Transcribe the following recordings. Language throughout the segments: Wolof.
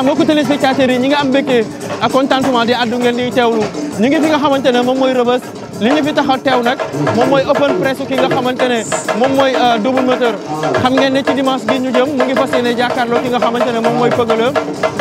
voilà mbokku téléspectateurs yi ñi nga am mbégte contentement di àddu ngeen di teewlu ñu ngi fi nga xamante ne moom rëbës li ñu fi tax teew nag moom mooy open press ki nga xamante moom mooy euh, double moteur xam ngeen ne ci dimanche bi ñu jëm mu ngi fas yéene jàkkaarloo ki nga xamante ne moom mooy Peugeot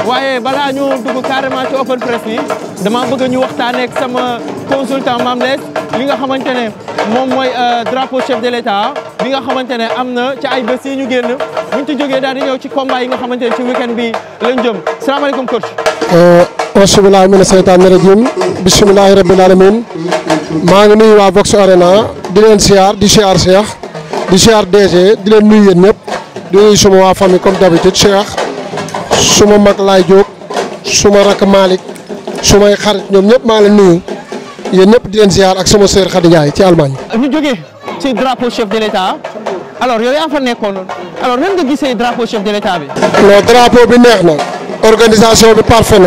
waaye balaa ñu dugg carrément ci open press yi dama bëgg ñu waxtaanee ak sama consultant Mame li nga xamante ne moom mooy euh, drapeau chef de l'État bi nga xamante ne am na ci ay bés yi ñu génn buñ ci jógee daal di ñëw ci combat yi nga xamante ne ci week-end bi lañ jëm salaamaaleykum coach euh, auzu billaahi mina seytaani rajiim bismillaahi rabbil aalamiin maa ngi nuyu waa Vox Arena di leen siyaar di siyaar Cheikh di siyaar DG di leen nuyu yéen ñëpp di nuyu suma waa famille comme d'habitude Cheikh suma mag Laay Jóob suma rakk Malick sumay xarit ñoom ñëpp maa leen nuyu yéen ñëpp di leen siyaar ak sama sœur Khady ci Allemagne. ñu jógee ci drapeau chef de l'État alors yow yaa fa nekkoon alors nan nga gisee drapeau chef de l'État bi. non drapeau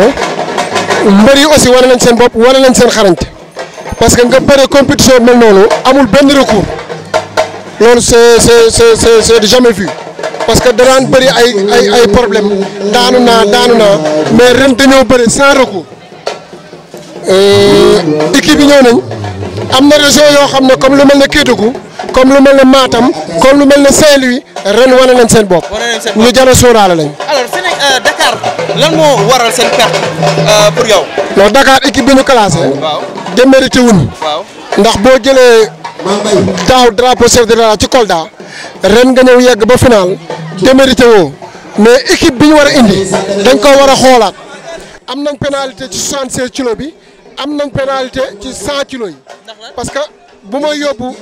mbër yi aussi wane nañ seen bopp wane nañ seen xarañte parce que nga bëre compétition mel noonu amul benn recours loolu c'est c'est c'est c'est jamais fii parce que danaan bëri ay ay ay problème daanu naa daanu naa mais ren dañoo bëri sans recours euh, équipe yi ñëw nañ am na région yoo xam ne comme lu mel ne Kédougou comme lu mel ne maatam comme lu mel ne saint ren wane nañ seen bopp ñu jara sóoraale lañ Dakar lan moo waral seen perte euh, pour yow. non Dakar équipe bi ñu classé. waaw démérité waaw ndax boo jëlee. daaw drapeau chef de ci Kolda. ren nga ñëw yegg ba final. démérité woo mais équipe bi ñu war a indi. dañ ko war a xoolaat. am nañ pénalité ci 76 kilos bi. am nañ pénalité ci 100 kilos yi. parce que bu ma yóbbu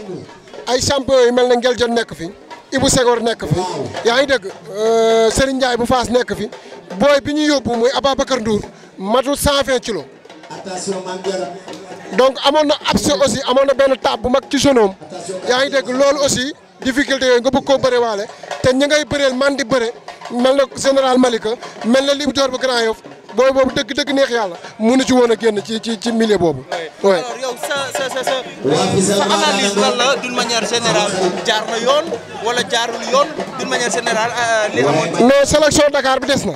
ay champion yu mel ne Ngel Dieng nekk fi. Ibou Senghor nekk fi yaa ngi dégg euh, Serigne Ndiaye bu Faas nekk fi booy bi ñu yóbbu muy Ababacar Ndour matul 120 kilo donc amoon na abcès aussi amoon na benn taab bu mag ci genoom yaa ngi degg lool aussi difficulté yooyu nga bëgg koo bëre waale te ñi ngay bëreel man di bëre mel na général Malika mel na Libidor bu Grand Yoff booy boobu dëgg dëgg neex yàlla mënu ci woon a génn ci ci ci milieu boobu. sa sa sa sa analyse lan la d'une manière générale jaar na yoon wala jaarul yoon d'une euh, sélection Dakar bi des na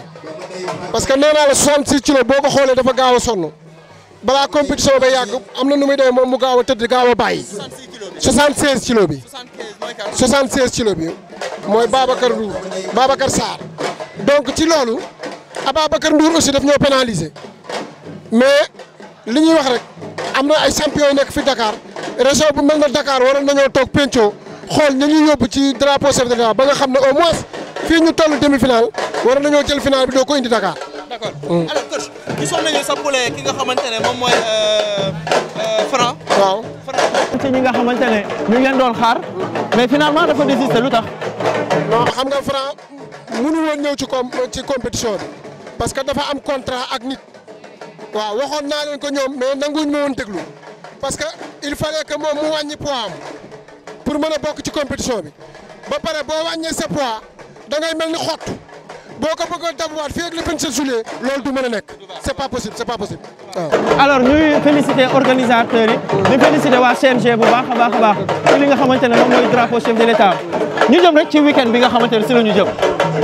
parce que nee naa la 66 kilos boo ko xoolee dafa gaaw a sonn balaa compétition ba yàgg am na nu muy demee moom mu gaaw a tëdd gaaw a bàyyi. 76 kilos bi 76 kilos bi mooy Babacar Ndour Babacar Sarr donc ci loolu Ababacar Ndour aussi daf ñoo pénaliser mais li ñuy wax rek. am na ay champion yu nekk fi Dakar région bu mel na Dakar waroon nañoo toog penco xool ñu ñuy yóbbu ci drapeau chef de l'État ba nga xam ne au moins fii ñu toll demi-finale waroon nañoo jël finale bi doo ko indi Dakar. d'accord mm. alors coach sa poulet ki nga xamante ne moom mooy euh, euh, Franc. waaw nga xamante ne ñu ngi leen doon xaar mais finalement dafa désister lu tax. non xam nga Franc mënu woon ñëw ci com ci compétition bi parce que dafa am contrat ak nit. waaw waxoon naa leen ko ñoom mais nanguñ ma woon déglu parce que il fa que moom mu wàññi poids am pour mën a bokk ci compétition bi ba pare boo wàññee sa poids da ngay mel ni xott. boo ko bëggoon tabuwaat fii ak le 27 juillet loolu du mën a nekk c' est pas possible c' est pas possible waaw. alors ñuy féliciter organisateurs yi. di féliciter waa CNG bu baax a baax a baax ci li nga xamante ne moom mooy drapeau chef de l' état ñu jëm rek ci weekend bi nga xamante ne si la ñu jëm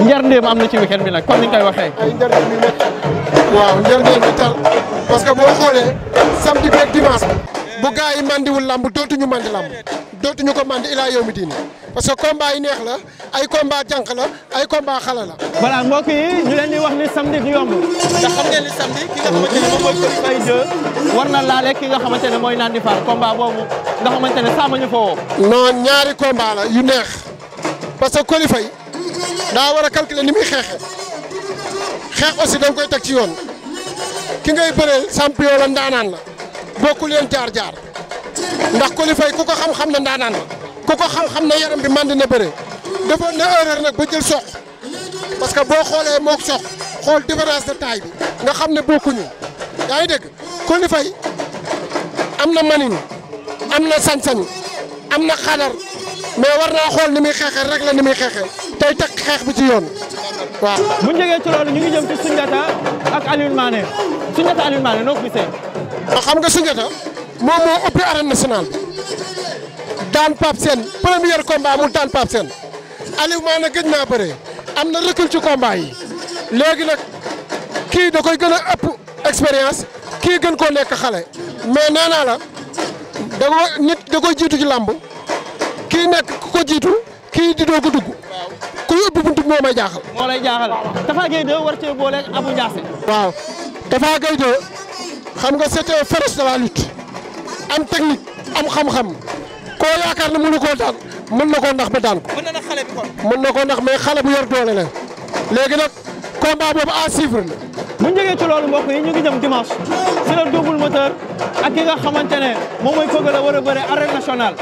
njarndeem am na weekend bi nag comme ni ñu koy waxee. ay njarndeem yu nekk bi tal parce que boo xoolee samedi beeg bu gars yi mandiwul lamb dootuñu mandi lamb dootuñu ko mandi ilaa yow mi diine parce que combat yi neex la ay combat jànq la ay combat xale la. voilà mbokk yi ñu wax ni samedi du yomb ndax xam ngeen ni samedi ki nga xamante ne mooy Coly Faye 2 war na laale ki nga xamante ne mooy Nandi Fall combat boobu nga xamante ne sàmm ñu foo non ñaari combat la yu neex parce que Coly Faye daa war a calculer ni muy xeexe xeex aussi da koy teg ci yoon ki ngay bëreel champion la ndaanaan la. bokku leen jaar-jaar ndax Coly Faye ku ko xam-xam ne ndaanaan la ku ko xam-xam ne yaram bi mànd na bëre defoon na erreur nag ba jël soq parce que boo xoolee mook soq xool différence de taille bi nga xam ne bokkuñu yaa ngi dégg Coly Faye am na manin am na sañ-sañ am na xadar mais war naa xool ni muy xeexee rek la ni muy xeexee tey teg xeex bi ci yoon waaw. bu ñu jógee ci loolu ñu ngi jëm ci Soundiata ak Alioune Mané Soundiata Alioune Mané noo gisee. ndax xam nga Sunjata moom moo ubbi arène nationale daan Pape Sène premier combat mu daan Pape Sène Aliou maa na gëj naa bëree am na recul ci combat léegi nag kii da koy gën a ëpp expérience kii gën koo nekk xale mais nee naa la da nit da koy jiitu ci làmb kii nekk ku ko jiitu kii di doog a dugg kuy ubbi buntu moo may jaaxal. moo lay war cee boole Abou Ndiassé. waaw Tafa Gueye xam nga c'était un féroce de la am technique am xam-xam koo yaakaar ne mënu koo daan mën na koo ndax ba daan ko. mën na mën na koo ndax mais xale bu yor doole la léegi nag combat boobu à suivre la. bu ñu ci loolu mbokk yi ñu ngi jëm dimanche si la double moteur ak ki nga xamante ne moom mooy Kogal la war a bëre arène nationale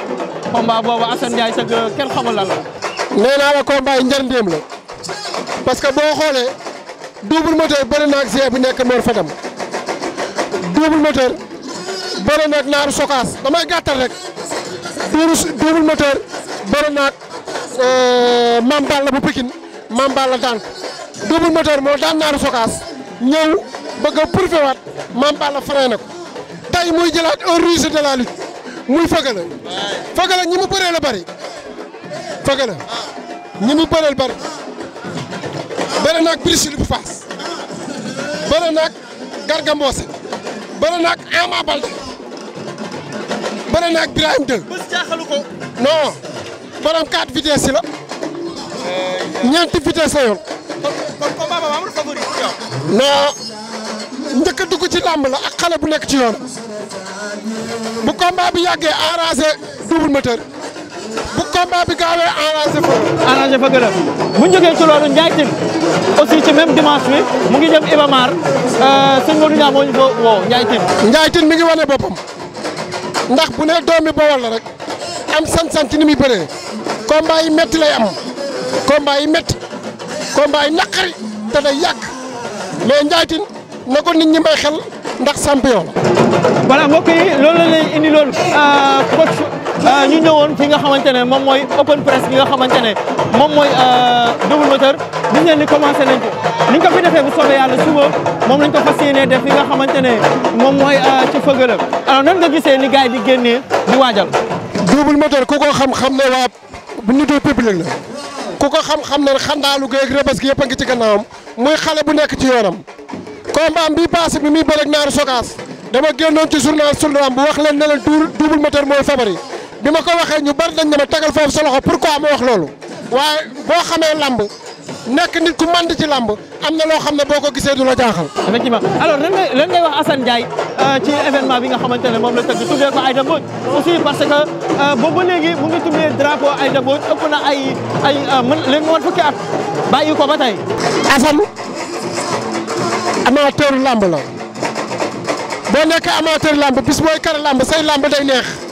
combat boobu Assane Ndiaye sa kenn xamul lan la. nee naa la combat yi parce que boo xoolee double moteur bëri na ak Zia bu nekk Mor Fadam. double moteur bëri naag naaru sokaas damay gàttal rek double moteur bëri naag euh, maam Balla bu Pikine maam Balla daan double moteur moo daan naaru sokaas ñëw bëgg a prouvé waat maam Balla freiné ko tey muy jëlaat un ruse de muy Feugeuleu Feugeuleu ñi mu bëree la bëri Feugeuleu ñi mu bëreel bëri bëri naag Bruce Lee bu faas bëri naag Garga Mbossé bëri na ak Ama Baldé bëri na ak Birahim Dëng. bés ko. la. ñeenti vitesses la yoon. kon kon combat ci yow. non a dugg la ak xale bu nekk ci yoon bu combat bi yàggee arrangé double moteur. bu combat bi gaawee arrangé fa. arrangé fa gën a jógee ci loolu aussi ci même dimanche bi mu ngi jëm Iba Mar euh, sëñ Modou Niang moo ñu ko woo Ndiaye Tine. Ndiaye Tine mi ngi wane boppam ndax bu ne doomi Bawol la rek am san sant ci ni muy bëree combat yi métti lay am combat yi métti combat yi naqari te day yàgg mais Ndiaye Tine na ko nit ñi may xel ndax champion la. voilà mbokk loolu la indi loolu Euh, ñu woon fi nga xamante ne moom mooy open press bi nga xamante ne moom mooy euh, double moteur gis ngeen ni commencé nañ ko ni ko fi defee bu soobee yàlla suba moom lañ ko fas yéenee def fi nga xamante ne moom mooy euh, ci fëgala alors nan nga gisee ni gars yi di génnee di waajal double moteur ku ko xam-xam ne waa bu ñu doo public la ku ko xam-xam ne xandaalu géeg rëbës gi yëpp a ngi ci gannaawam muy xale bu nekk ci yoonam combat bi passé bi muy bëreeg naaru sokaas dama génnoon ci journal sur bu wax leen ne bi ma ko waxee ñu bari dañ ne ma tegal foofu sa loxo pourquoi ma wax loolu waaye boo xamee lamb nekk nit ku mand ci lamb am na loo xam ne boo ko gisee du la jaaxal. effectivement alors ngay wax Assane Ndiaye euh, ci événement bi nga xamante ne moom la tëgg tuddee ko Aïda Mbodj aussi parce que euh, boobu ba léegi mu ngi tuddee drapeau Aïda Mbodj ëpp na ay ay euh, man fukki at bàyyi ko ba tey. Assane amateur lamb la boo nekkee amateur lamb bis booy kare lamb say lamb day neex.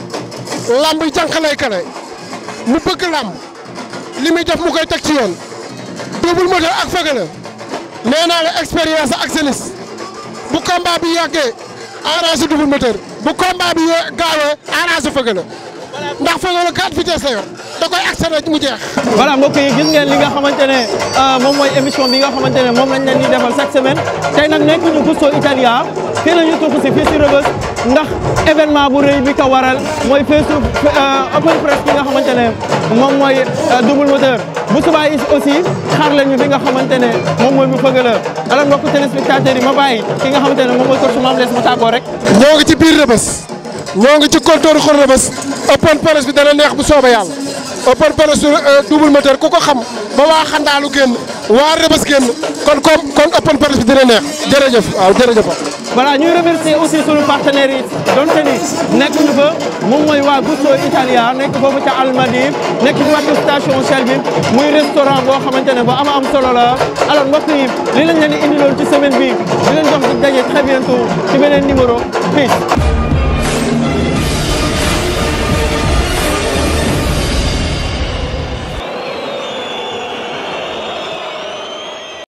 lamb yi jànq lay kare mu bëgg lamb li muy mu koy teg ci yoon Double Moteur ak Feugeleu nee naa la expérience ak senis bu combat bi yàggee arrangé Double bu combat bi gaawee arrangé Feugeleu ndax Feugeleu quatre vitesses la yor da koy accéléré mu jeex. voilà mbokk yi gis ngeen li nga xamante ne euh, moom mooy émission bi nga xamante ne moom lañ leen di defal chaque semaine tey nag nekk ñu Gusto Italia fii la ñu tuxu si fii si Rebeuss ndax événement bu rëy bi ko waral mooy feesu euh, open press bi nga xamante ne moom mooy euh, double moteur bu subaa is aussi xaar lañu bi nga xamante ne moom mooy bu fëgg la alors mbokk téléspectateurs yi ma bàyyi ki nga xamante ne moom mooy coach Mame Less mu tàggoo rek. ñoo ngi ci biir Rebeuss ñoo ngi ci comptoir xol Rebeuss open press bi dana neex bu soobee yàlla. open press euh, double moteur ku ko xam ba waa xandaalu génn waa rëbës génn kon kon kon open press bi dina neex jërëjëf waaw jërëjëf voilà ñuy remercier aussi sunu partenaires yi donte ni nekk ñu fa moom mooy waa Gusto Italia nekk foofu ca Almadi nekk ci wàllu station Shell muy restaurant boo xamante ne bu ama am solo la alors mbokk li lañ leen di indiloon ci semaine bi di leen jox di daje très bientôt beneen numéro peace